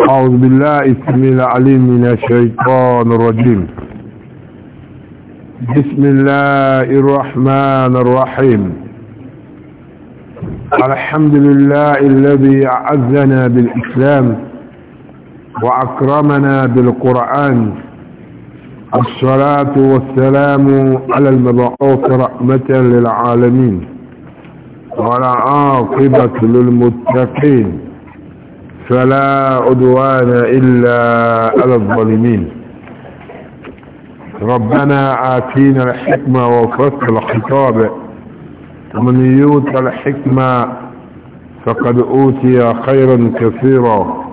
أعوذ بالله اسم العليم من الشيطان الرجيم بسم الله الرحمن الرحيم الحمد لله الذي أعزنا بالإسلام وأكرمنا بالقرآن الصلاة والسلام على المبعوث رحمة للعالمين ولا عاقبة للمتقين فلا عدوان إلا على الظالمين ربنا آتينا الحكمة وفصل الخطاب ومن يوت الحكمة فقد أوتي خيرا كثيرا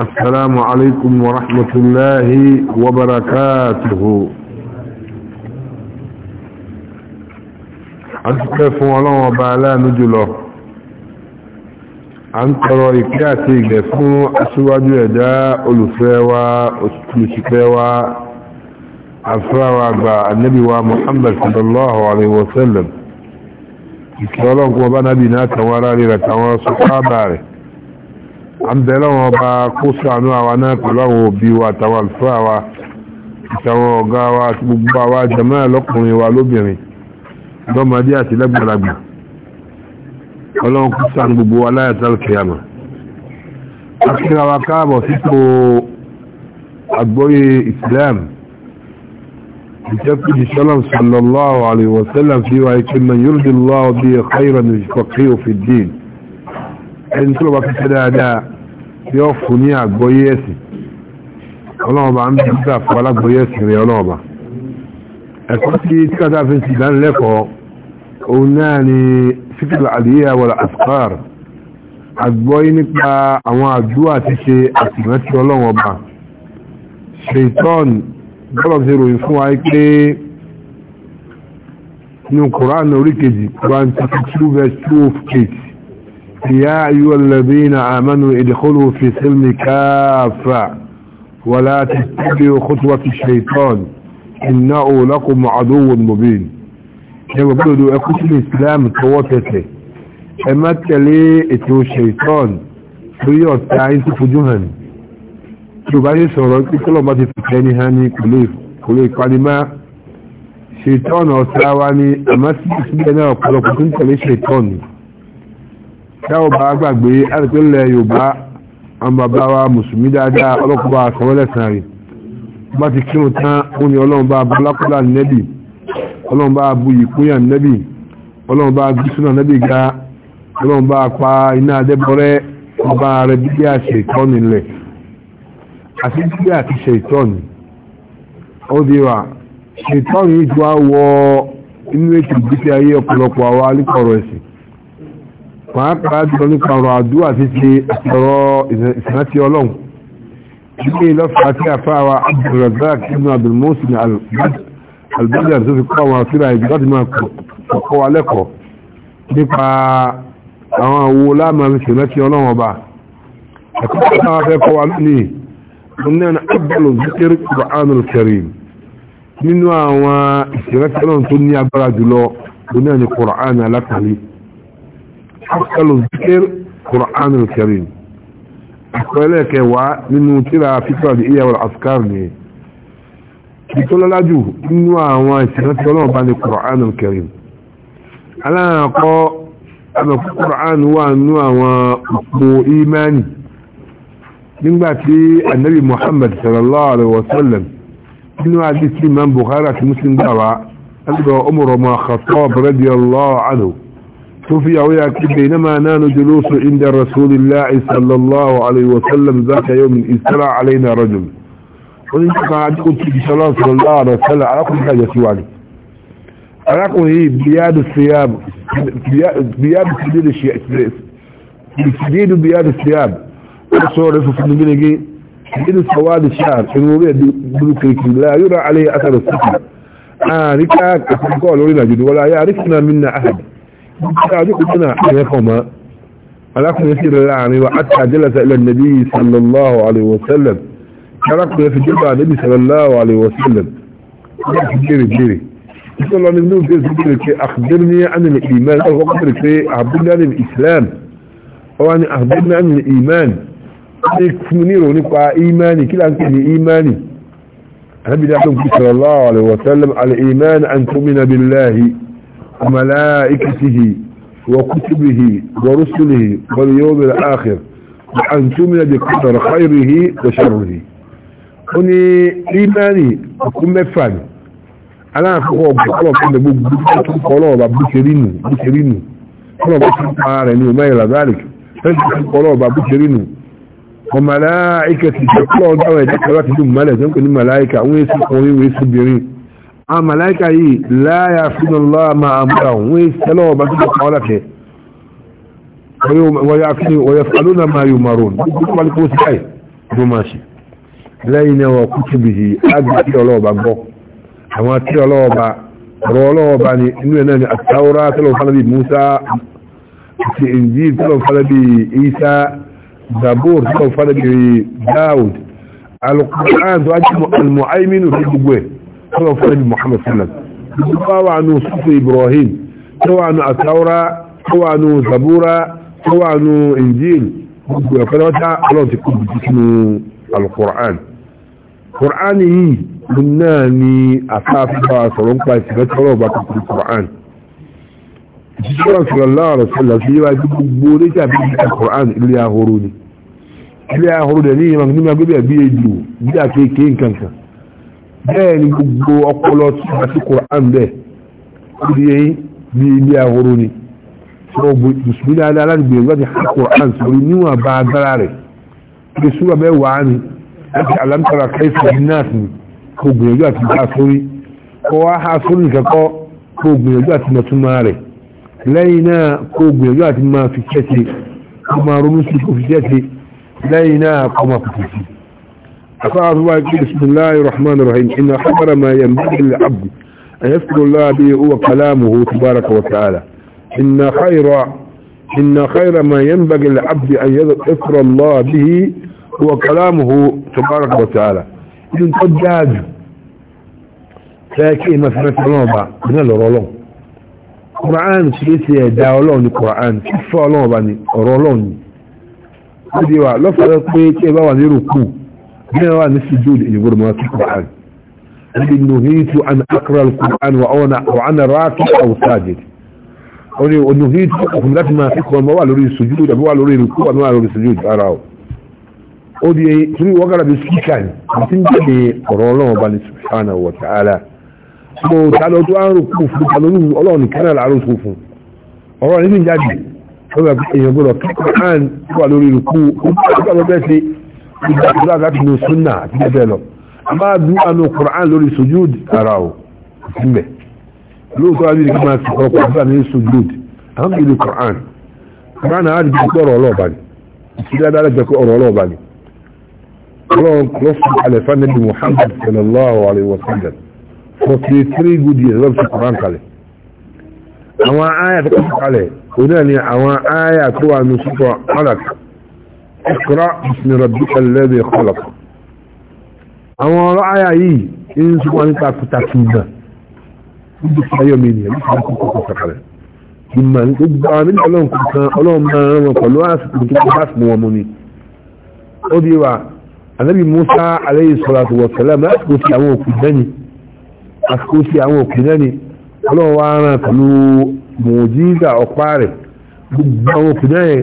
السلام عليكم ورحمة الله وبركاته كيف الله وبعلا نجله a ń tọrọ ìkẹ́ àti ìgbẹ̀ fún aṣíwájú ẹ̀dá olùfẹ́ wa olùṣìpẹ̀ wa afẹ́wà àgbà annabi wa muhammad sallallahu alaihi wasallam ìkẹ́ọlọ́n kuma bá nábi náà tàwọn ará rírà tàwọn sọ́kábà rẹ̀ a ń bẹ̀rẹ̀ wọn bá kó sànú àwa náà pẹ̀lú àwọn òbí wa tàwọn alfáà wa ìtàwọn ọ̀gá wa àti gbogbo àwa jẹ́mọ́ lọ́kùnrin wa lóbìnrin lọ́mọdé àti lẹ́gbẹ̀rẹ̀gbẹ̀ ọlọ́run kú sáà gbogbo aláyàtàlùkìyàmà akírawa káàbọ̀ sípò àgbóyé islam ìjẹ́kùjì sọ́lọ́m sallallahu alaihi wasallam fi wáyé kí man yurdi Allahu bihi khayran yufaqihu fi ddin ẹni tó bá fífẹ́ dáadáa tí ó fún ní àgbóyé ẹ̀sìn ọlọ́ọ̀bá ń bí gbà fún alágbóyé ẹ̀sìn rẹ̀ ọlọ́ọ̀bá ẹ̀kọ́ sí tíkàtà fi ti dánilẹ́kọ̀ọ́ òun náà ni síkìlì àlìyà wà àfikàr àgbọ́yé nípa àwọn àdúrà ti ṣe àtìrántí ọlọ́wọ̀n ọba ṣètọ́n bọ́lọ̀ ti ròyìn fún wa pé ní kòrán orí kòrán 22 verse 2 يا أيها الذين آمنوا ادخلوا في سلم كافة ولا تتبعوا خطوة الشيطان إنه لكم عدو مبين ẹwà gbọ́dọ̀ ẹkú sílẹ̀ islam tọwọ́ tẹsẹ̀ ẹ má tẹ̀lé ètò ṣèitán lórí ọ̀tá yín tó fojú hàn tí o bá yẹ sọ̀rọ̀ pé kọ́lọ̀ bá ti fìfẹ́ ní hàn ní kò lè panimá ṣèitán ọ̀tá wa ni àmọ́ síbẹ̀ náà ọ̀pọ̀lọpọ̀ tó ń tẹ̀lé ṣèitán ni táwọn bá gbàgbé àtìpínlẹ̀ yorùbá àwọn bàbá wa mùsùlùmí dáadáa ọlọ́kùnrin ti kírun tán ó ní ọlọ́run bá abúlákùnrin nẹ́bì ọlọ́run bá bu ìpínyà nẹ́bì ọlọ́run bá gúúsùnà nẹ́bì ga ọlọ́run bá pa iná adẹ́bọ̀rẹ́ ọba rẹ̀ bí a ṣe ìtọ́ni lẹ̀ àti bí a ti ṣe ìtọ́ni ó di wa ṣe ìtọ́ni yìí ti wá wọ inú ètò ìgbésí ayé ọ̀pọ̀lọpọ̀ àwa alíkọ̀rọ̀ ẹ̀sìn pàápàá jùlọ nípa ọ̀rọ̀ àdúrà títí àti ọ̀rọ̀ ìsìnàtí ọlọ́run ilé ìlọ́fà àti àfáà wa Abdulrazak ibn Abdulmohsen al-Badr albanian tó fi kọ́ àwọn àfíra ìbí láti máa kọ́ wa lẹ́kọ̀ọ́ nípa àwọn àwo láàmàrí ṣèrántí ọlọ́wọ́n ọba ẹ̀kọ́ tó náà fẹ́ kọ́ wa lónìí wọn ní àwọn abdul zikir quran al-karim nínú àwọn ìṣèrántí ọlọ́wọ́n tó ní agbára jùlọ wọn ní àwọn quran alákàlí abdul zikir quran al ìtọ́lọ́lájú nínú àwọn ìṣẹ̀lẹ̀ tí ọlọ́run bá ní Qur'an al-Karim aláàkọ́ àmọ̀kú Qur'an wà nínú àwọn òpó imani nígbàtí annabi Muhammad sallallahu alaihi wasallam nínú àdísí imam Bukhari àti Muslim dáwà alìbọ̀ Umar ọmọ Khattab radiyallahu anhu tó fi yàwó ya kí bainama nánú julusu inda rasulillah sallallahu alaihi wasallam zaka yawmin istara alaina rajul oní kan adúgbò tí ìṣẹ́ ọlọ́sọ̀rọ̀ láàrọ̀ tẹ́lẹ̀ arákùnrin àjọ sí wà ní arákùnrin yìí bíyàdù síyàm ìṣìdídù bíyàdù síyàm ó sọ rẹ̀ fún fún gbínigé ìdídù sọwádìí sáà ẹni orí ẹ̀dí gbúrú kìrìkìrì láàrín alẹ́ àtàrà síkì àríkà àkọ́kọ́ lórí nàìjíríà wọlé ayé àríkìnà mínà àhàdì nígbà àjọ kùtù náà ẹ̀rẹ́ kọ̀ mọ́ arákùnrin sí rẹ̀ láàrín wa àtàjẹ́lẹ̀ta ilẹ̀ nàbí sallallahu alaihi wasallam شرقت في جلد النبي صلى الله عليه وسلم جيري جيري إيه؟ إيه، صلى الله عليه وسلم أخبرني عن الإيمان أو أخبرك أخبرني عن الإسلام أو أن أخبرني عن الإيمان أخبرني عن الإيمان. أخبرني عن الإيمان. أخبرني عن الإيمان. صلى الله عليه وسلم على الإيمان أن تؤمن بالله وملائكته وكتبه ورسله واليوم الآخر وأن تؤمن بقدر خيره وشره ó ní ìmẹ́rì òkú mẹ́fà ni aláàfọwọ́ ọ̀gbọ̀n ọ̀gbọ̀n gbogbo tó ń kọ́ ọlọ́ọ̀bà búṣerínù búṣerínù ọlọ́ọ̀bà tó ń pa rẹ̀ ní ọmọ ìlàzáàlìk fẹ́ǹtì tó ń kọ́ ọlọ́ọ̀bà búṣerínù wọn màláìkà ti jẹ́ kọ́ ọ̀dáwọ̀ ẹ̀jẹ̀ kan láti dùn mọ́lẹ̀ tó ń pè ní màláìkà wọ́n èsì kan wọ́n èsì obìnrin àwọn màláìkà yìí láyà fúnà lọ́wọ́ máa àmúra wọ́n èsì ọlọ́ọ̀bà tó lẹ́yìn náà wọ́n kútu bìhì ágbà tí ọlọ́ọ̀bá gbọ́ àwọn tí ọlọ́ọ̀bá ọ̀rọ̀ ọlọ́ọ̀bá ni inú ẹ̀ náà ni àtàwọ́rá tẹ́lọ̀ fánàbí Musa àti ìjì tẹ́lọ̀ fánàbí Isa Zabur tẹ́lọ̀ fánàbí Daud alukur'an tó ajé almuhaiminu fi gbogbo ẹ̀ tẹ́lọ̀ fánàbí Muhammad sallam gbogbo wa nù sufu Ibrahim tẹ́wà nù àtàwọ́rá tẹ́wà nù Zabura tẹ́wà nù ìjì gbogbo ẹ̀kọ́ lọ́ta ọlọ́ọ̀ ti kú bìtì sínú alukur'an Qur'an yìí lóun náà ni àfáàfíà sọ̀rọ̀ ń pa ìsìnkẹ́tọ́rọ̀ ọba tuntun Qur'an ìṣiṣẹ́ ọ̀sọ̀rọ̀lá ọ̀rọ̀ sọ̀lá sí yíwá tí gbogbo oríṣi àbí ìṣiṣẹ́ Qur'an ilé ahoro ni ilé ahoro dẹ̀ ní ìmọ̀ nígbà gbé bẹ̀ bí ejò bí àkéèké nǹkan kan bẹ́ẹ̀ ni gbogbo ọpọlọ tí a ti Qur'an bẹ́ẹ̀ ó di yẹn bí ilé ahoro ni sọ mùsùlùmí dáadáa láti gbìyànjú láti ha Qur'an sórí níwọ̀n bá agbára rẹ̀ ìṣúra bẹ́ẹ̀ wà á ni أنت ألم ترى كيف الناس كوبيوجات الحاصري وحاصري كقو كوبيوجات ما تماري لينا كوبيوجات ما في كتي وما رمسك في كتي لينا كما في كتي أفعل الله بسم الله الرحمن الرحيم إن خبر ما ينبغي للعبد أن يذكر الله به هو كلامه تبارك وتعالى إن خير إن خير ما ينبغي للعبد أن يذكر الله به هو كلامه تبارك وتعالى إذن قد جاج لكن ما سمعت الله با من الرولون قرآن كيسي داولون قرآن كيف الله باني رولون قدي وا لو فرق بي كيبا واني ركو بينا واني سجود إني قرم واني قرآن لكن نهيت أن أقرأ القرآن وأنا, وأنا راكع أو ساجد أولي ونهيت أخمرت ما فيكم ما لوري السجود ما لوري الركوع ما لوري السجود أراه o di tiri gara bí síkà ní àti ń jáde ọrọ ọlọ́run bá ní subhanahu wa ta'ala mo ta lọ tó á ń rúkú fún ta lórí ọlọ́run nìkan náà láàárọ̀ tó fún ọ̀rọ̀ nínú jáde ó èèyàn án wà lórí ó ṣe ìgbà tó láti a máa sujud ara o lóòótọ́ àbí máa fi àwọn kur'an di ọlọ́run kọ́ fún alẹ́fà níbi Muhammad sallallahu alayhi wa sallam forty three good years lọ́pọ̀ sí Quran kalẹ̀ àwọn aya tó kọ́ kalẹ̀ òun náà ni àwọn aya tó wà ní sọ́tọ̀ malak ikra bismi rabbika alladhi khalaq àwọn ọ̀rọ̀ aya yìí ń sọ́kọ́ nípa kùtàkì náà níbi tí ayọ̀ mi nìyẹn nípa kókó kó sàkàlẹ̀ ìmọ̀ gbogbo àwọn ọlọ́run kọ̀ọ̀kan ọlọ́run máa ń rán pẹ̀lú àsìkò tó kọ́ bá mú ni ó di wa anabi musa alayhi salatu wa salam lásìkò sí àwọn òkú dání àsìkò sí àwọn òkú dání ọlọ́wọ́ wa rán pẹ̀lú mòjíza ọ̀pá rẹ̀ gbogbo àwọn òkú dání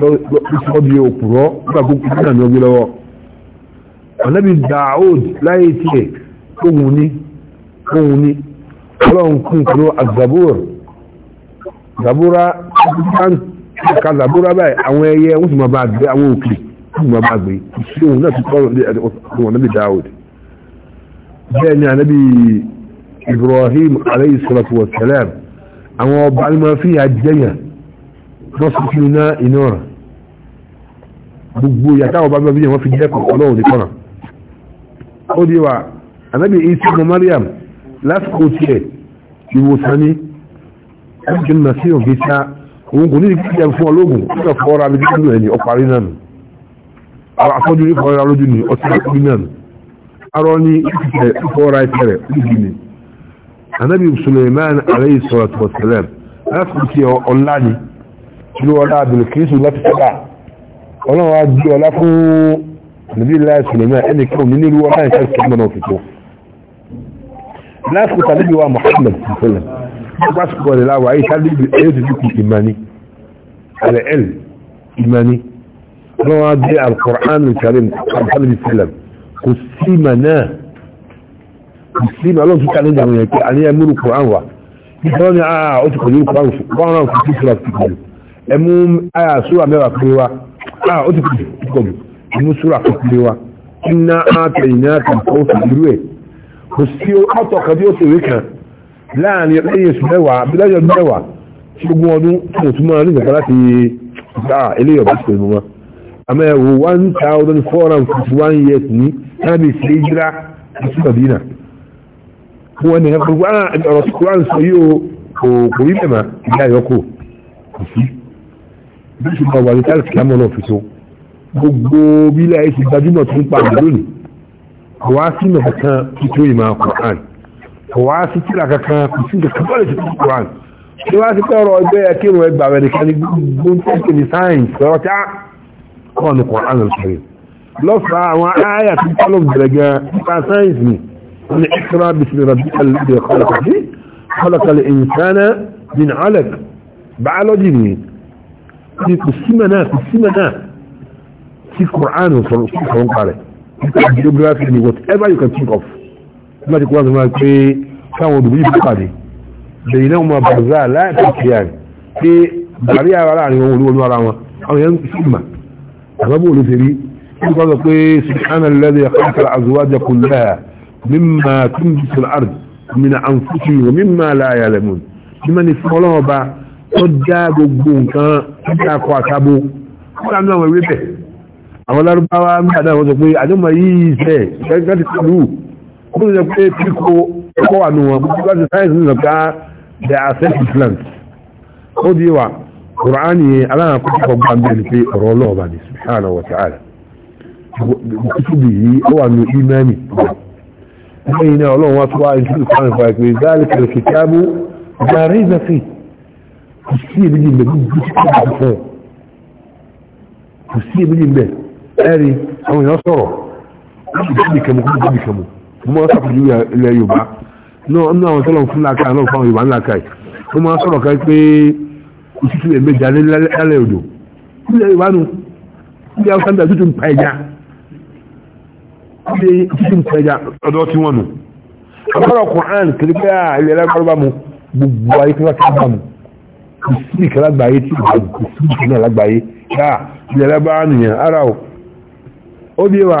lọ́sọ́ bí òpùrọ́ gbàgbó kú náà ní ọgbẹ́ lọ́wọ́ anabi daoud láyé tiẹ̀ kóhun ní kóhun ní ọlọ́run kún pẹ̀lú azabur zabura kan kàkà zabura báyìí àwọn ẹyẹ wọ́n sì máa bá àwọn òkè kúmọ̀ bá gbé ṣé òun náà ti kọ́ ọ̀rọ̀ nàbí Dawud bẹ́ẹ̀ ni ànábì Ibrahim alayhi salatu wa salam àwọn ọba ni wọ́n fi yà jẹ́yàn wọ́n fi kí iná iná rẹ̀ gbogbo yàtá ọba bí wọ́n fi jẹ́ kọ̀ ọlọ́run nìkan náà ó di wa ànábì Isa ọmọ Mariam lásìkò tiẹ̀ ìwòsàn ni ẹ̀jẹ̀ nàṣẹ́ ògbésà òun kò ní ìdíkìjà fún ọlọ́gùn ó kà fọ́ ọ́ra mi dídùn ọparí náà afọ́jú ìfọ́ra lójú ni ọtí lójú náà arọ ní ìfẹ́ ìfọ́ra ìfẹ́rẹ̀ lójú ni anabi suleiman alayhi salatu wa salam láti fi ọlá ni tí ó ọlá abìlì kìrìsù láti sábà ọlọ́run á di ọlá fún nàbí ilá suleiman ẹni kí òní nílùú ọlá ìfẹ́ ìfẹ́ ìmọ̀ náà fi láti kúta níbi wa muhammad sallam lásìkò ọ̀dẹ̀ láwà ayé sábà ẹ̀yẹ́ ti dúkù ìmání alẹ́ ẹ̀l ìmání wọ́n dé alkùránù karim alhamdu sallam kò sí ma náà kò sí ma lọ́n kíkà nígbà wọn yẹ pé àníyàn múrù kùránù wa nígbà wọn ni àà ah, ah, ó ti kò ní kùránù fún wọn náà kò sí sura kíkà jù ẹmú àyà sura mẹ́wàá péré wa ah, àà ó ti kò sí kíkà jù ẹmú sura kò péré wa iná àtẹ iná kan kó fi irú ẹ kò sí ọ̀tọ̀ kan tí ó sì rí kan láàrin lẹ́yìn oṣù mẹ́wàá bí lẹ́yìn ọdún mẹ́wàá tí gbogbo ọdún tó tún máa ní ìgbàgbọ́ láti gbà eléyọ̀ bá ti pè mọ́ àmọ́ ẹ̀wò 1451 years ní láàbí sí ìjírá sí madina wọ́n ni ah, ọ̀rọ̀ kúrán sọ yóò kò rí mẹ́mà ìyá ìyọ́kò kò sí bí ṣùgbọ́n wà ní tàbí kìlámọ̀ náà fìtó gbogbo bí láyé ti gbajúmọ̀ tó ń pa àmì lónìí kò wá sí ìmọ̀ kankan tító ìmọ̀ kùrán kò wá sí tíra kankan kò sí kankan bọ́ọ̀lù tító kùrán kí wá sí tọrọ ẹgbẹ́ akérò ẹgbàá rẹ̀ nìkan ní gbogbo ní sáyẹ̀nsì ọ̀rọ̀ kọ́ ní Qur'an al-Karim lọ́fà àwọn ayà tí kọ́lọ̀ gẹ̀rẹ̀gẹ̀ nípa sáyẹ̀nsì ni wọ́n ni ìṣẹ́ra bismi rabbikal ladhi khalaqa bí khalaqal insana min 'alaq biology ni whatever you can think of nígbà tí Qur'an sọ̀rọ̀ pé káwọn òdòdó yìí pàdé bẹ̀yìn náà wọn bàzá láti kìíyàn pé bàrí ara láàrin wọn olúwọlú ara wọn àwọn yẹn ń símà àbábò ló ṣe rí ní kọ́ sọ pé subhana alladhi khalaqa azwaja kullaha mimma tunbitu al-ard min anfusihim wa mimma la ya'lamun mímọ́ ni fún ọlọ́wọ́ bá tó dá gbogbo nǹkan tó dá àwọn ewébẹ̀ ń bá dáwọn sọ pé àdéhùn yìí ṣe ìfẹ́gá ti pẹ̀lú ó ń sọ pé kíkó ẹ̀kọ́ wà nù wọn gbogbo láti sáyẹ̀nsì nìkan ká the access island ó di kùránì aláàkókò gbàgbé ni pé ọ̀rọ̀ ọlọ́ọ̀bà subhanahu wa ta'ala kutubihi ó wà ní imani lẹ́yìn náà ọlọ́run wá tó wá ní ṣílùkọ́ àwọn ìfà ìpè zalika alkitabu la rayba fi kò sí èmi ní ìgbẹ́ gbogbo tí kò bá fún kò sí èmi ní ìgbẹ́ ẹ̀rí àwọn èèyàn sọ̀rọ̀ kí gbàgbé kẹmu kí gbàgbé kẹmu mo máa sàpèjú ilẹ̀ yorùbá náà àwọn tọ́lọ̀ fún làkà náà fún àwọn yorùbá làkà yìí mo máa sọ̀rọ̀ ká pé òtútù ẹ̀mẹ́jà lálẹ́ odò ilẹ̀ yorùbá nù ní àwọn sáńdà tó tún pa ẹja ọdẹ tún pa ẹja ọ̀dọ̀ tí wọn nù àbúrò Quran kiri pé à ilẹ̀ lágbàrúbá mu gbogbo ayé kí wọ́n ti bá mu kò sí ìkẹ́ lágbàáyé tí ìgbà kò sí ìkẹ́ náà lágbàáyé yá ilẹ̀ lágbàá nìyẹn ara o ó dé wa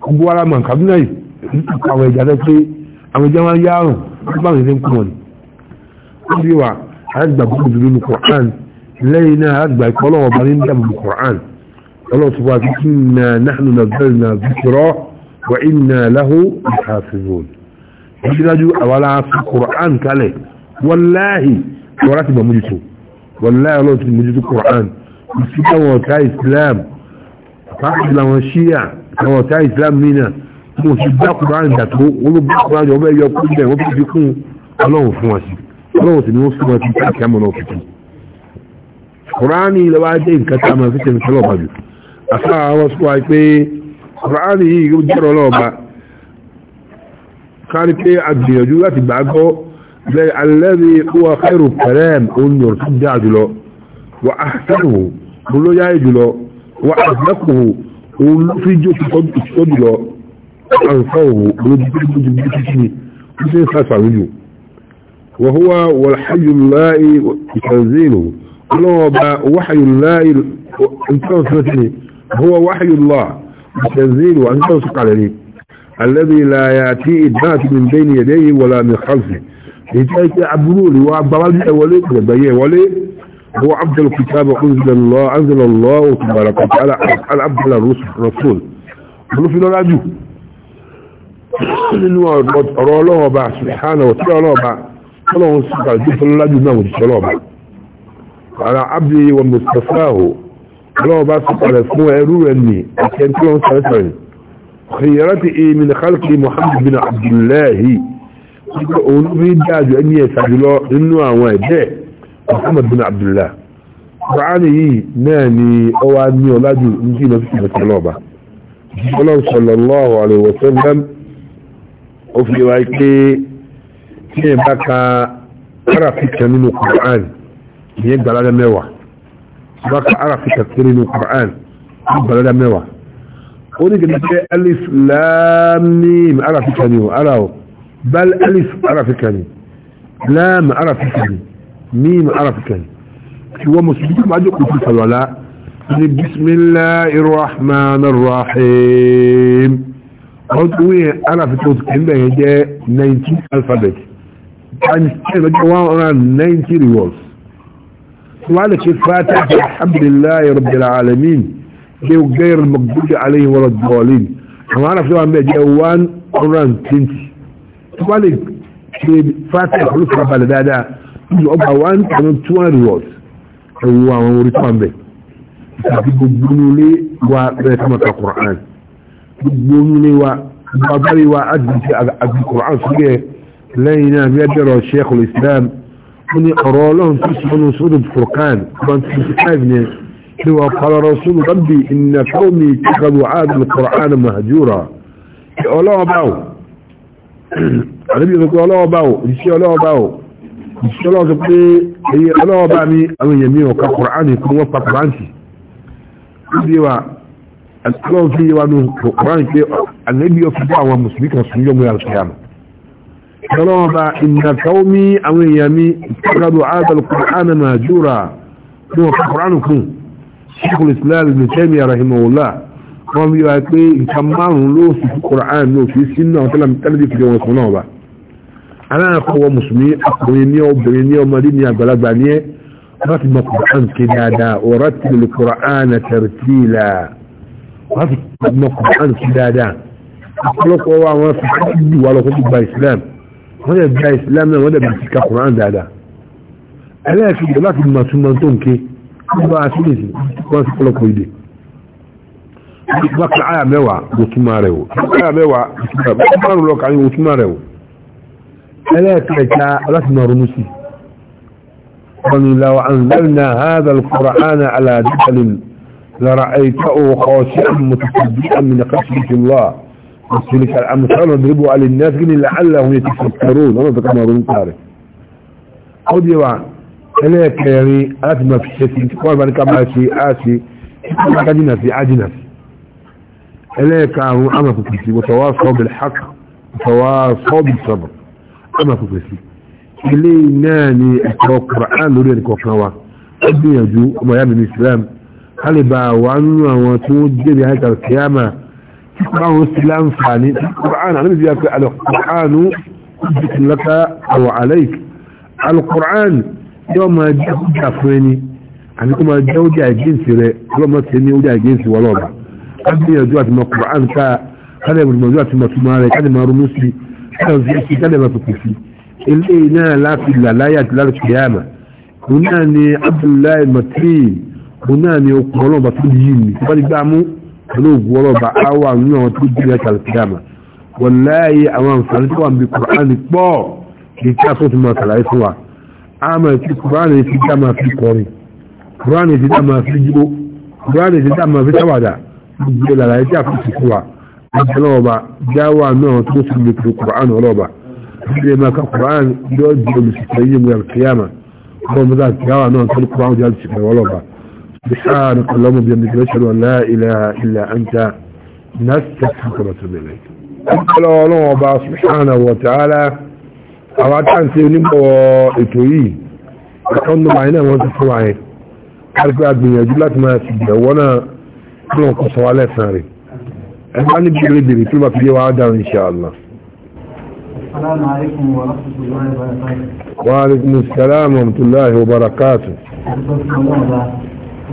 gbogbo ara mọ̀ kàdúnà yìí àwọn ẹja tẹ́ pé àwọn ẹja máa ń yárùn wọ́n bá mi ṣe ń kú wọn ó dé wa àgbà náà àgbà ìkọlọ́wọ̀ bá ní ń dàbò Quran الله سبحانه إنا نحن نزلنا ذكرا وإنا له الحافظون. يجرجوا أولا في القرآن كالي والله وراتي ما والله الله مجتو القرآن مسلم وكا إسلام فاحد لما الشيع وكا إسلام مينا مصدق القرآن ذاته ولو القرآن يوم يقول لهم وبيكون الله فواسي الله سبحانه وتعالى كما نوفيكم القرآن لو عاد إن كتاما فتن الله بابيكم àfáà àwọn sọ pé ọ̀rọ̀ yìí jẹ́rọ lọ́ọ̀bá kárí pé àgbìyànjú láti gbàgbọ́ lẹ́ alẹ́rí wà khairu kalam oúnjẹ tó dá jùlọ wà ahsanuhu olóyá jùlọ wà àgbẹ́kùnhù olófíjó tó jùlọ àǹfààhù olójúkúrúkú وهو والحي الله تنزيله ولو وحي الله انتظر هو وحي الله تنزيله أن على ليه الذي لا يأتي الناس من بين يديه ولا من خلفه يتأتي عبدولي وعبدالي أولي هو عبد الكتاب أنزل الله أنزل الله تبارك وتعالى على عبد الرسول ونفل العدو nínú سبحانه وتعالى bá ṣùgbọ́n سبحانه ọlọ́ọ̀bá ọlọ́run sí ìgbàlódé fún lọ́lájú وتعالى wòjìṣẹ́ ọlọ́wọ́ bá fi pàdé fún ẹrú rẹ̀ ní ẹ̀kẹ́ntìwọ̀n sẹ́sẹ̀rẹ̀ kìyàrátì min khalqi muhammad bin abdullahi nígbà òun rí dájú ẹni ẹ̀sà jùlọ nínú àwọn ẹ̀dẹ́ muhammad bin abdullah kùránì yìí náà ni ó wá ní ọlájú ní ìlọ sí ìbẹ̀tẹ̀ lọ́ọ̀bà ọlọ́run sallallahu alaihi wa baka ara fi tafsiri ní Qur'an bala da mẹ́wàá ó ní gẹ̀dẹ̀ pé alif lamim ara fi kani o ara o bal alif ara fi kani lam ara fi kani mim ara fi kani kí wọ́n musulmi máa jẹ́ kùtù sàlọ́lá ní bismillahir rahmanir rahim wọ́n tún yẹ ara fi tó kẹ́ bẹ̀rẹ̀ jẹ́ 19 alphabet times 10 190 rewards wala ce fata da alhamdulillahi rabbil alamin bai gairar magdubi alayhi wa rabbalin amma ana fitowa mai jiya 120 wala ce fata da hulufa bala dada izu ọba 1,200 words ẹwọ àwọn orí tó wà mẹ́ ìtàbí gbogbo nílé wa bẹ́ẹ̀ sámàtà kùrán gbogbo nílé wa gbogbo abẹ́rẹ́ wa agbègbè agbègbè kùrán sílẹ̀ lẹ́yìn náà bí ẹ islam من أرالهم تسمعون سورة الفرقان 25 وقال رسول ربي إن قومي اتخذوا هذا القرآن مهجورا الله باو النبي يقول الله باو يسي الله باو يسي الله تبقي هي الله بامي أو يمين كقرآن يكون وفق قرآنتي يقول الله فيه وانه القرآن النبي يفضع ومسلمين رسول يوم القيامة كلوبا إن قومي أو يمي اتخذوا هذا القرآن مهجورا هو القران كون شيخ الإسلام ابن تيمية رحمه الله قام يأتي كمان لو في القرآن لو في السنة وسلم تلدي في جوة كلوبا أنا أقوى مسلمي أقويني وبريني ومديني أبلغاني رتب القرآن كنادا ورتب القرآن ترتيلا رتب القرآن كنادا أقلق وواء في حد ولا قد بإسلام هنا بجاء إسلامنا وانا بجيك القرآن ده ده ألا في جلاك بما سمانتون كي أبا أسميزي كوان سيقولكو يدي إطلاق العاية ميوع بوتماريو العاية ميوع بوتمارو لوك عني بوتماريو ألا تلك ألاك مرموسي قال لو أنزلنا هذا القرآن على جبل لرأيته خاشئا متفجئا من خشية الله تلك الأمثال نضربها على الناس لعلهم يتفكرون أنا ذكرنا رون قاري خذ يوعى أنا كيري أتما في الشتي تقول بأنك ما شيء آسي أجنة في أجنة أنا كانوا أما في كرسي وتواصل بالحق وتواصل بالصبر أما في كرسي. إلي ناني أتوى القرآن لوريني كوكنوا أبني يجو وما يعمل الإسلام هل باوانوا وتوجد هيك القيامة تسمعه السلام ثاني القرآن أنا بدي أقول القرآن حجة لك أو عليك القرآن يوم جاء فيني أنكم جاءوا جاء جنسي لي لما سيني وجاء جنسي ولوبا أبني يجوات ما القرآن كا هذا من الموضوعات ما تمارك هذا ما رموسي هذا زيكي هذا ما تكفي إلينا لا في الله لا يأتي لا القيامة هنا عبد الله المتين هنا أقول لهم بطل يجيني فبالك دعموا pẹ̀lú ògùn ọlọ́ba àwa nínú àwọn tó bí ẹ̀ka àlùkìyàmà wọ́n láàyè àwọn àǹfààní tó wà níbi kùránì pọ̀ kì í ká tó ti máa kàlàyé fún wa àmà ti kùránì ti dá máa fi kọrin kùránì ti dá máa fi jíbó kùránì ti dá máa fi sáwàdà gbogbo ìlàlàyé tí a fi sì fún wa àti ọlọ́ba jáwà náà tó sì lè fi kùránì ọlọ́ba bí máa ka kùránì yóò di olùsìkẹ́ yé mu àlùkìyàmà ọlọ́mọdé àti jáwà náà tó kùránì jẹ́ àlùsìkẹ́ ọlọ́ba بحارك اللهم بيمدك نشهد أن لا إله إلا أنت نستحق رسول إليك أقول الله أبا سبحانه وتعالى أبا تنسي ونبقى إتوي أكون معنا وانت سمعي أعرف بعد من يجب ما سجد وانا كلهم قصوا ساري أنا نبقى لدري كل ما تجي وعدا إن شاء الله السلام عليكم ورحمة الله وبركاته وعليكم السلام ورحمة الله وبركاته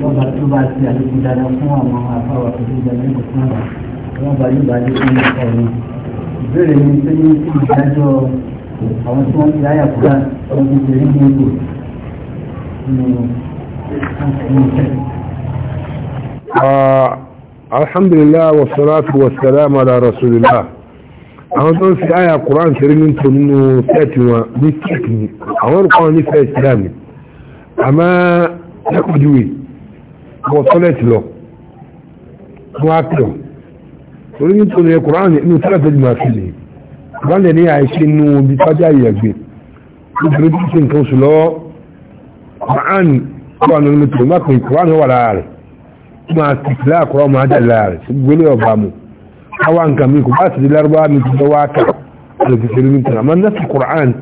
lọ́ba tó bá ti àlékún dáadáa fún àwọn afáwà tó ti dáadáa nípa fún àwọn lọ́ba yóò bá dé fún ọkọ mi. ìbéèrè mi pé ní kí ìdájọ́ àwọn tí wọ́n ti ráyà kúrà wọ́n ti ṣe nínú ipò nínú ìfẹ́. Ah, alhamdulillah wa salatu wa salam ala rasulillah àwọn tó ń fi àyà Quran ṣeré ní tó nínú fẹ́ẹ̀tì wọn ní fẹ́ẹ̀tì ni àwọn olùkọ́ ní fẹ́ẹ̀tì dáàmì àmọ́ ẹ̀kọ́ jùwèé wọ tọ́lẹ̀tì lọ wọ́n á pè ọ́ torí nítorí ẹ kùránì inú tọ́lẹ̀tì lè máa fi lè kùránì ní àìṣe inú ibi tájá ìyàgbé nítorí tí ṣe nǹkan oṣù lọ́wọ́ kùránì wà nínú nítorí má pè kùránì wà lára rẹ̀ kí máa ti fi láà kùránì máa jáde lára sí gbélé ọ̀bà mu káwá nǹkan mi kò bá sì di lárúbá mi ti lọ́wọ́ á àlòkè ṣe lómi kan àmọ́ nẹ́sì kùránì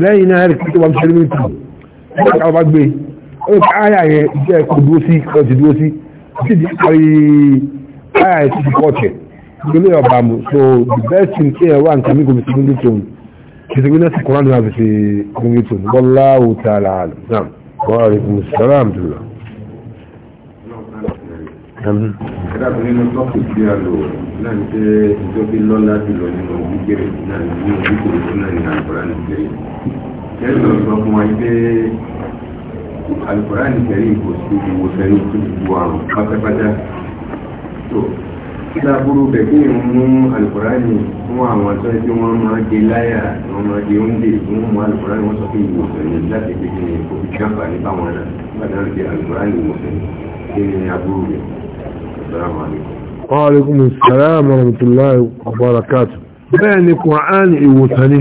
lẹ́yìn náà rẹ̀ kí ó ti áyà yẹn iṣẹ́ ẹ̀kọ́ dúró sí ọtí dúró sí títí di parí áyà yẹn títí kọ́ọ̀tẹ̀ ìgbélé ọba mu so the best thing kí ẹ wá nǹkan mi kò fi sí gbóngbé tòun kì í sí gbóngbé tòun kọ́ńdà fi sí gbóngbé tòun bọ́lá òtà làálù náà wọ́n rí mùsùlùmí àmdùlá. Ẹ̀dàbí nínú tọ́pù tí a lò náà ní pé ìjọba lọ́lá jùlọ nínú gbígbèrè náà ní ìdíkòrò náà ní àgbàrá nìgbèrè. Kẹ́lí lọ sọ fún wa pé alùpùránì kẹrí ìbò sí ìwò sẹ́rí tó gbogbo àrùn pátápátá tó kíláàbúrú bẹ̀ kí n mú alùpùránì fún àwọn tó ẹjọ́ wọn máa di láyà wọn máa di oúnjẹ fún mú alùpùránì wọn sọ pé ìwò sẹ́rí láti fi kíni kò fi káfà ní báwọn náà gbàdá lè di alùpùránì ìwò sẹ́rí kí ni aburú bẹ̀ assalamu wa alaikum assalam wa rahmatullahi wa barakatuh bẹ́ẹ̀ ni kùránì ìwòsàn ni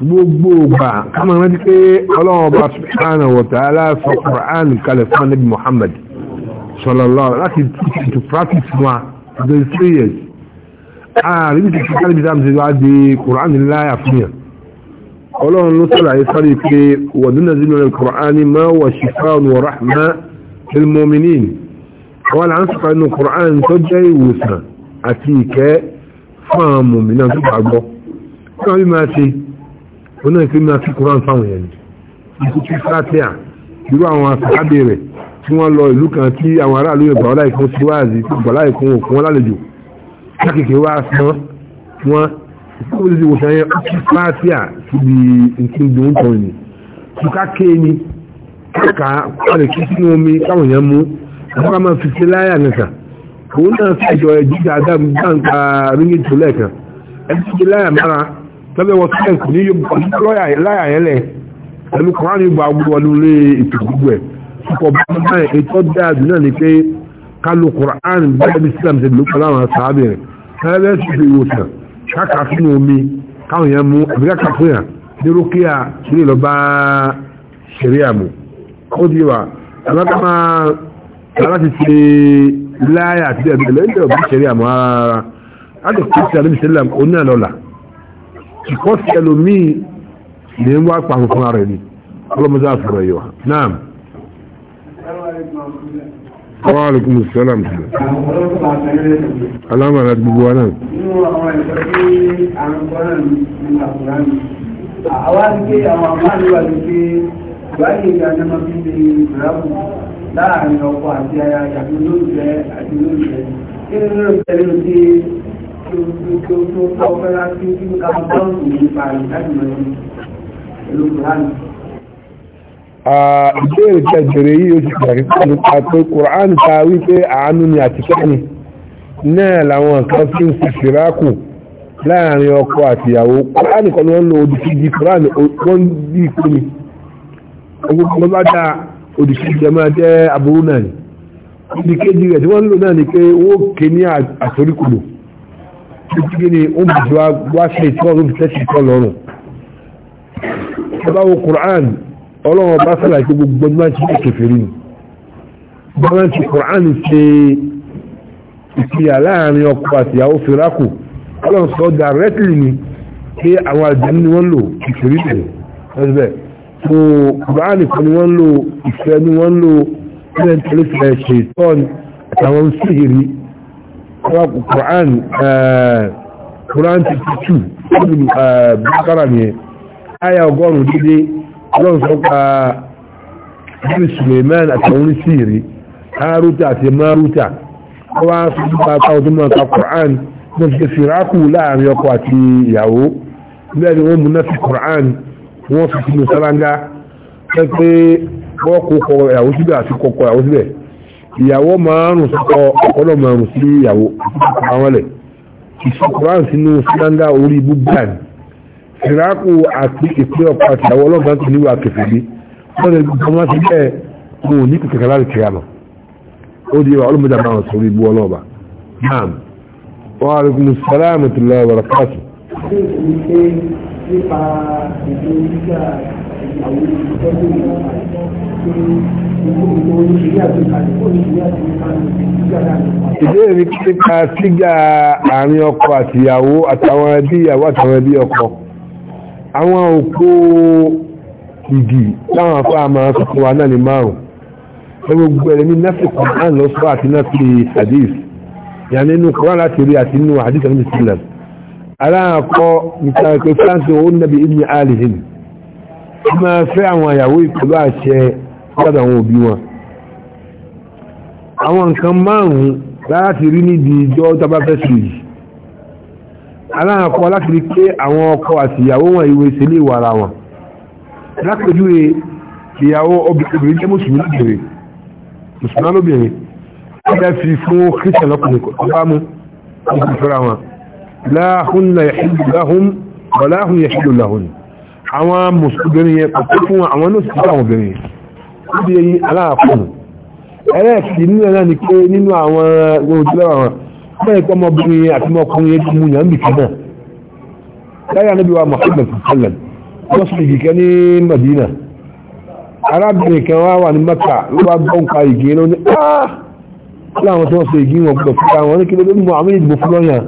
gbogbo ọgbà kama rántí pé ọlọ́run ọba subhanahu wa ta'ala sọ Qur'an kalẹ̀ fún anabi Muhammad sallallahu láti teach to practice wa the three years ààrẹ bí tẹ̀sí kálíbi dáàmù sí wá di Qur'an láyà fún yàn ọlọ́run ló sọ̀rọ̀ sọ́rọ̀ pé wa nunazzilu min al-Qur'ani ma huwa shifa'un wa rahma lil mu'minin àwọn là ń sọ̀rọ̀ nínú Qur'an tó jẹ́ ìwòsàn àti ìkẹ́ fún àwọn mọ̀mìnà tó gbàgbọ́ kí wọ́n bí máa ṣe wọn náà ti máa fi koran fáwọn yẹn ni ikú tí fatia irú àwọn sàábì rẹ̀ tí wọ́n lọ ìlú kan tí àwọn aráàlú yẹn gbàwọ́lá ìkún sí wáàzì tí gbàwọ́lá ìkún òkun wọn lálejò kákèké wá sán wọn ìkókò lè wò sàn yẹn ó ti fatia síbi nǹkan dùn tán ni tuka kéé ni ká wọn lè kí sínú omi káwọn yẹn mú àwọn kan máa fi sí láyà nìkan òun náà fẹjọ ẹ jíjà dáńgbà ríngìtì lẹ́ẹ̀kan ẹ ti fi láyà mára tẹ́lẹ̀ wọ sẹ́ǹsì ní láyà ẹlẹ̀ ẹnu kan ní gba wọnú lé ètò gbogbo ẹ̀ púpọ̀ bá ń bá ètò dáàbì náà ni pé kálu Qur'an bẹ́ẹ̀ bí sílẹ̀ ṣe ló pẹ̀lú àwọn sàábì rẹ̀ tẹ́lẹ̀ sì fi ìwòsàn káàkà sínú omi káwọn yẹn mú àbí káàkà fún yàn ní rókíà sílẹ̀ lọ bá ṣẹ̀rí àmù ó di wa alága máa láti ṣe láyà àti ẹ̀bẹ̀lẹ̀ ń dẹ̀ ọ̀bí ṣẹ̀rí àmù rárá á lè kí sílẹ̀ àdébìsẹ́lẹ̀ onílẹ̀ lọ́la ìkọ́sí ẹlòmíì ní wá pàṣẹ fún ara ẹni ọlọ́mọdé àfẹ́rẹ́ yìí wá náà. Wa alaikum salam. Alama na gbogbo wa náà. Nínú àwọn ìṣẹ́ tí àwọn ọ̀rẹ́ mi ní Àkùránì, àwa ti pé àwọn àmàlù wà ní pé ìwádìí ìgbà kí o tó tó tó ọpẹ́ láti kí o Ìbéèrè tí a jèrè yìí yóò ti pàtàkì fún nípa pé Kùránì ta wípé àánú ni àti kẹ́ni náà làwọn kan fi ń ṣìṣìrákù láàrin ọkọ àtìyàwó. Kùránì kan ni wọ́n lo odìkejì Kùránì wọ́n bí ikú ni. Ogbogbo bá dá odìkejì ẹ máa jẹ́ aburú náà ni. Odìkejì rẹ̀ tí wọ́n lò náà ni pé wọ́n ké àsoríkùlù títí ní oúnjẹ wá ṣe ìtọ́ ló fi tẹ́sí ìtọ́ lọ́rùn ọba wo Qur'an ọlọ́wọ́ bá sọ́lá ìpé gbogbo ọdún láti ṣe kèfèrí ni bọ́lá ti Qur'an ṣe ìpìyà láàrin ọkọ àti ìyàwó fìrákù ọlọ́wọ́ sọ directly ni pé àwọn àjẹ́mú ni wọ́n lò kèfèrí tẹ̀ ẹgbẹ́ so Qur'an kan ni wọ́n lò ìfẹ́ ni wọ́n lò ẹgbẹ́ tẹ̀lé fẹ́ ṣe ìtọ́ àtàwọn sí ìrírí Quran Quran eh, fifty two ọdún eh, bákàrà ni aya ọgọ́rùn-ún dídé ọlọ́run sọ pa bíi Suleiman àti òun sírí Haruta àti Maruta wọ́n wá sọ nípa káwọn máa ka Quran ní ọ̀sẹ̀ fìràkù láàrin ọkọ àti ìyàwó bẹ́ẹ̀ ni o mú náà sí Quran wọ́n fi salanga, sálángá pé pé wọ́n kó kọ ìyàwó síbẹ̀ àti kọkọ ìyàwó síbẹ̀ ìyàwó márùn sọ́kọ ọ̀pọ̀lọ̀ márùn sí ìyàwó àwọnlẹ̀ ìṣọ́kùnrán sínú sínáńdà orí búgbà ní ìrákù àti ìpín ọ̀pá àti àwọn ọlọ́gbà tó níwà kẹfìdí wọ́n lè gbọ́n wá sí bẹ́ẹ̀ mo ní kẹkẹ láti kẹyà lọ ó di ọlọ́mọdé àbáwọn sórí ibú ọlọ́ọ̀bà náà wọ́n á rí kùmù sàlámù tó lọ́wọ́ àwọn ìtọ́jú ìjọba pé gbogbo ìṣẹ̀lẹ̀ àti ìkàlẹ̀ kò ní ìṣẹ̀lẹ̀ àti ìkàlẹ̀ ìbéèrè ní pípa sígà àárín ọkọ àtìyàwó àtàwọn ẹbí ìyàwó àtàwọn ẹbí ọkọ àwọn òpó ìdì láwọn afọ àmà tuntun wa náà ní márùn ẹgbẹ́ gbogbo ẹ̀rẹ́ ní nẹ́fì kọ̀ọ̀án lọ́sọ́ àti náà fi hadith ìyá nínú kọ̀ọ̀án láti rí àti nínú hadith ẹ̀mí sílẹ̀ aláàkọ́ nípa ẹ̀kọ́ fúláǹsì òun nàbí ìní àlìhìn wọ́n máa fẹ́ àwọn àyàwó ìpẹ̀lú àṣẹ gbọ́dọ̀ àwọn òbí wọn àwọn nǹkan márùn-ún láti rí níbi ìjọ tábà fẹ́ sùn yìí aláàkọ́ láti rí pé àwọn ọkọ àti ìyàwó wọn ìwé ìṣẹ̀lẹ̀ ìwà ara wọn lápẹjúwe ìyàwó obìnrin jẹ́ mùsùlùmí lóbìnrin mùsùlùmí lóbìnrin ẹgbẹ́ fi fún kírísítẹ̀ lọ́kùnrin ọba mú ọkùnrin fúnra wọn láhùn yẹ̀ṣẹ̀lú láhùn àwọn mùsùlùmí yẹn kò fún wọn àwọn náà sì fún àwọn obìnrin ó di eyín aláàfọ̀nù ẹlẹ́ẹ̀kì nínú ẹ̀ náà ni pé nínú àwọn olùdílọ́wọ̀ wọn bẹ́ẹ̀ pé ọmọbìnrin yẹn àti ọmọkùnrin yẹn ti mú yàn nìkan náà láyé anábì wa Muhammad sallam wọ́n sì igi kan ní Madina arábìnrin kan wá wà ní Maka ló bá gbọ́n ka igi ló ní áá láwọn tí wọ́n sọ igi wọn gbọ́dọ̀ fúnra wọn ní kí ló àwọn ìdìbò fúlọ́yàn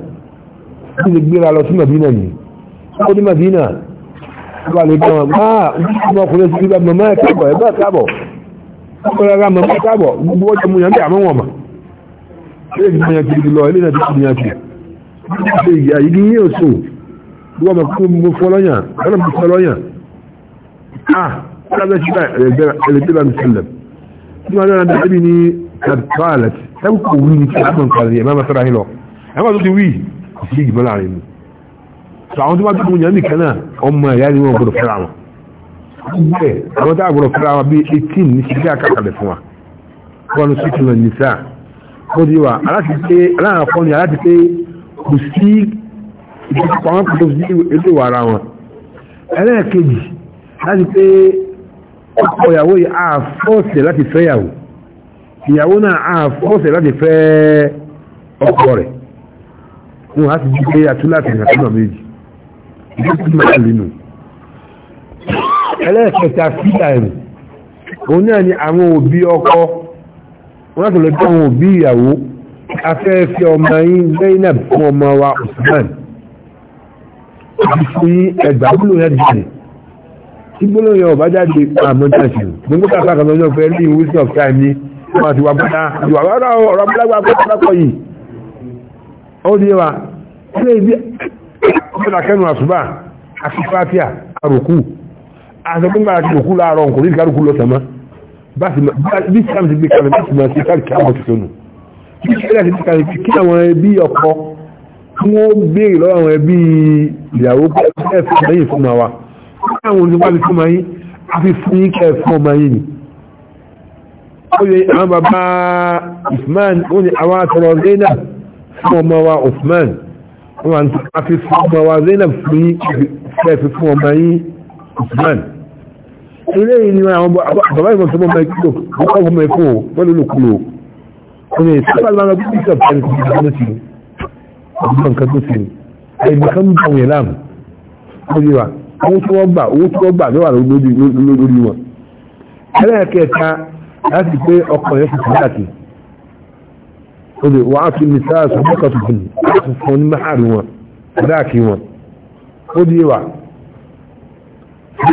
ó ti gbéra lọ sí Madina yìí wà lè bọ́n máa ọmọkùnrin sí ibẹ̀ mọ̀mọ́ ẹ̀ kábọ̀ ẹ̀bọ́ kábọ̀ ọkùnrin mọ̀mọ́ kábọ̀ gbogbo ọjọ́ mú yàn bí àmọ́ wọn mà ilé ìgbìmọ̀ yàn ti lọ ilé náà ti ti yàn ti ṣe ìyá yìí ní oṣù wọ́n mọ̀ kó mo fọ́ lọ́yàn wọ́n mọ̀ fọ́ lọ́yàn ah ọlọ́dọ̀ sí ẹlẹ́gbẹ̀rẹ̀ mi sílẹ̀ tí wọ́n dára débi ní kàtàlẹ̀ ẹ̀kọ́ wí ní kí àwọn tó bá tó múyàn nìkan náà ọmọ ẹ̀yà ni wọ́n gbọ́dọ̀ fẹ́ra wọn gbẹ́ àwọn tó àgbọ̀dọ̀ fẹ́ra wọn bí 18 ní ṣíkí àkàkàlẹ̀ fún wa wọ́n ní sókè lọ nìsá ó di wa aláti pé aláàrán fọ́ ni aláti pé kò sí ìdókòpọ̀ àwọn kò tó sí ètò ìwà ara wọn ẹlẹ́ẹ̀kejì láti pé ọkọ ìyàwó yìí á fọ́ọ̀sẹ̀ láti fẹ́ ìyàwó ìyàwó náà á fọ́ọ̀sẹ̀ láti fẹ́ ọkọ rẹ̀ wọn á ti di pé atúláàtì ìrìnàjò méjì ìdókòmọ́lá nínú ẹlẹ́ẹ̀kẹta fíta ẹ̀rùn òun náà ni àwọn òbí ọkọ wọ́n tó lọ bí àwọn òbí ìyàwó afẹ́fẹ́ ọmọ yín Zainab fún ọmọ wa Usman ìfún yí ẹgbà gbóló yẹn jáde tí gbóló yẹn ọba jáde àmọ́ jáde mo gbọ́dọ̀ àpákan lọ́jọ́ fẹ́ rí ìwé sí ọ̀kẹ́ àmì wọn àti wà bọ́dá ìwà ọ̀rọ̀ ọ̀rọ̀ ọmọdé akẹ́nu àṣùbà akífàtíà àrùkù àṣẹ́gbẹ́gbà àti òkú láàárọ̀ nkùnrin ìdíkà àrùkù lọ sàmá bí sàm ti gbé kalẹ̀ bí sàm ti káàkiri káàkiri tuntun nù bí sàm ti gbé kalẹ̀ kí àwọn ẹbí ọkọ tí wọ́n béèrè lọ́wọ́ àwọn ẹbí ìyàwó pẹ́ẹ́ fún ẹ̀yìn fún wa kí àwọn olùdókòwò àti fún ẹ̀yìn àfi fún yín kẹ́ fún ọmọ ni ó àwọn bàbá Usman ó àwọn àtọrọ lẹ́nà fún ọmọ wa Usman wọn àfi fún ọmọ wa zainab fún yí fẹ́ fi fún ọmọ yí usman ilé yìí ni àwọn bàbá ìmọ̀ tó mọ̀ ẹ̀kọ́ ọkọ̀ ọmọ ẹ̀kọ́ wọ́n lè lòkulò wọ́n lè sábà lọ́nà bí bíṣọ̀ ẹni kò tó tó sí ọdún nǹkan tó sí ẹni nǹkan bá wọn yẹn láàmú ó di wa owó tí wọ́n gbà owó tí wọ́n gbà mẹ́wàá lórí wọn ẹlẹ́ẹ̀kẹta láti pé ọkọ̀ yẹn fi kàkàkì وعطي النساء صدقة الجن فون محارم ذاكي وان خذي وعد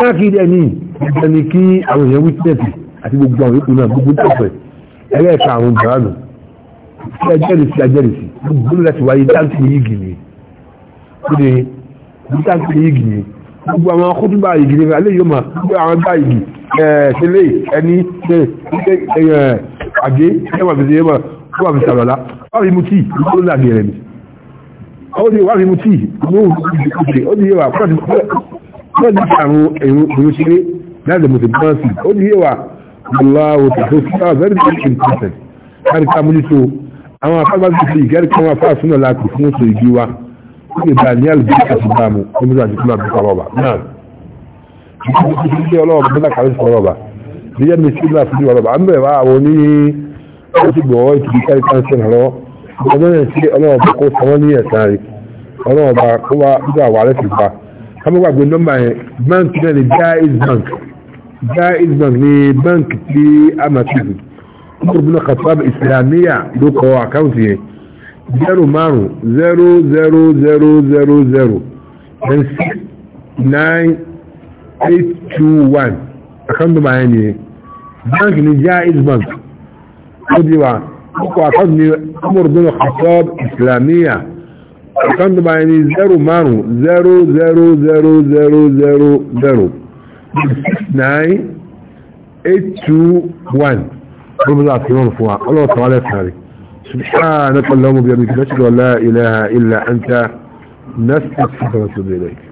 ذاكي داني دانيكي او يوتنتي àti gbogbo àwọn ìpínlẹ̀ gbogbo ìpínlẹ̀ ẹlẹ́ẹ̀ka àwọn ìbáàdùn sí ajẹ́rìsí ajẹ́rìsí gbogbo láti wáyé dáńtì yìgì ni kúrò dáńtì yìgì ni gbogbo àwọn akọ́túbà yìgì ni alẹ́ yóò máa gbogbo àwọn bá yìgì ẹ̀ẹ́sẹ̀lẹ̀ ẹni ṣe àgé ẹwà bẹ̀rẹ̀ yóò máa wà fi sàlọ́lá wà fi mu tíì ló làgé rẹ̀ ni ó di wà fi mu tíì ló ṣe ó di yé wa pọ́ọ̀tì pọ́ọ̀tì àrùn èrò ṣeré láti mo ti bọ́ sí ó di yé wa aláwo tàbí ó sábà very very important kárí ká mú nítorí àwọn afábá ti fi ìgẹ́rì kan wá fáà súnà láti fún oṣù ìgbé wa ó lè bá ní àlùbí àti bámu ó mú àti kúlọ̀ àbúkọ̀ ọlọ́ba náà ìgbésí ọlọ́ba bọ́lá kàwé sọ̀rọ̀ ọlọ́ba bí yẹn mi sí ìlú àfihàn ọlọ́ba à ń bẹ̀rẹ̀ wá àwọn oní láti gbọ́ ìtìbí kárí káńsì lọ ọjọ́ yẹn sí ọlọ́wọ́ bá kó sanwó ní ẹ̀sán rí ọlọ́wọ́ bá kó wá gbọ́ àwọ̀ alẹ́ ti gbà kámọ́gbàgbé nọ́mbà yẹn báńkì náà ni jaiz bank jaiz bank ni báńkì ti dù kúrò bí náà kàtàbí ìsìlámíyà ló kọ àkáǹtì yẹn zero márùn zero zero zero zero zero then six nine eight two one àkáǹtì nọ́mbà yẹn ni báńkì ni jaiz bank. قدوة وقعدني امر بن الخطاب إسلامية كان يعني زارو مانو زارو زارو زارو زارو زارو زيرو يوم الله تعالى سبحانك اللهم وبحمدك لا اله الا انت نستغفرك ونتوب اليك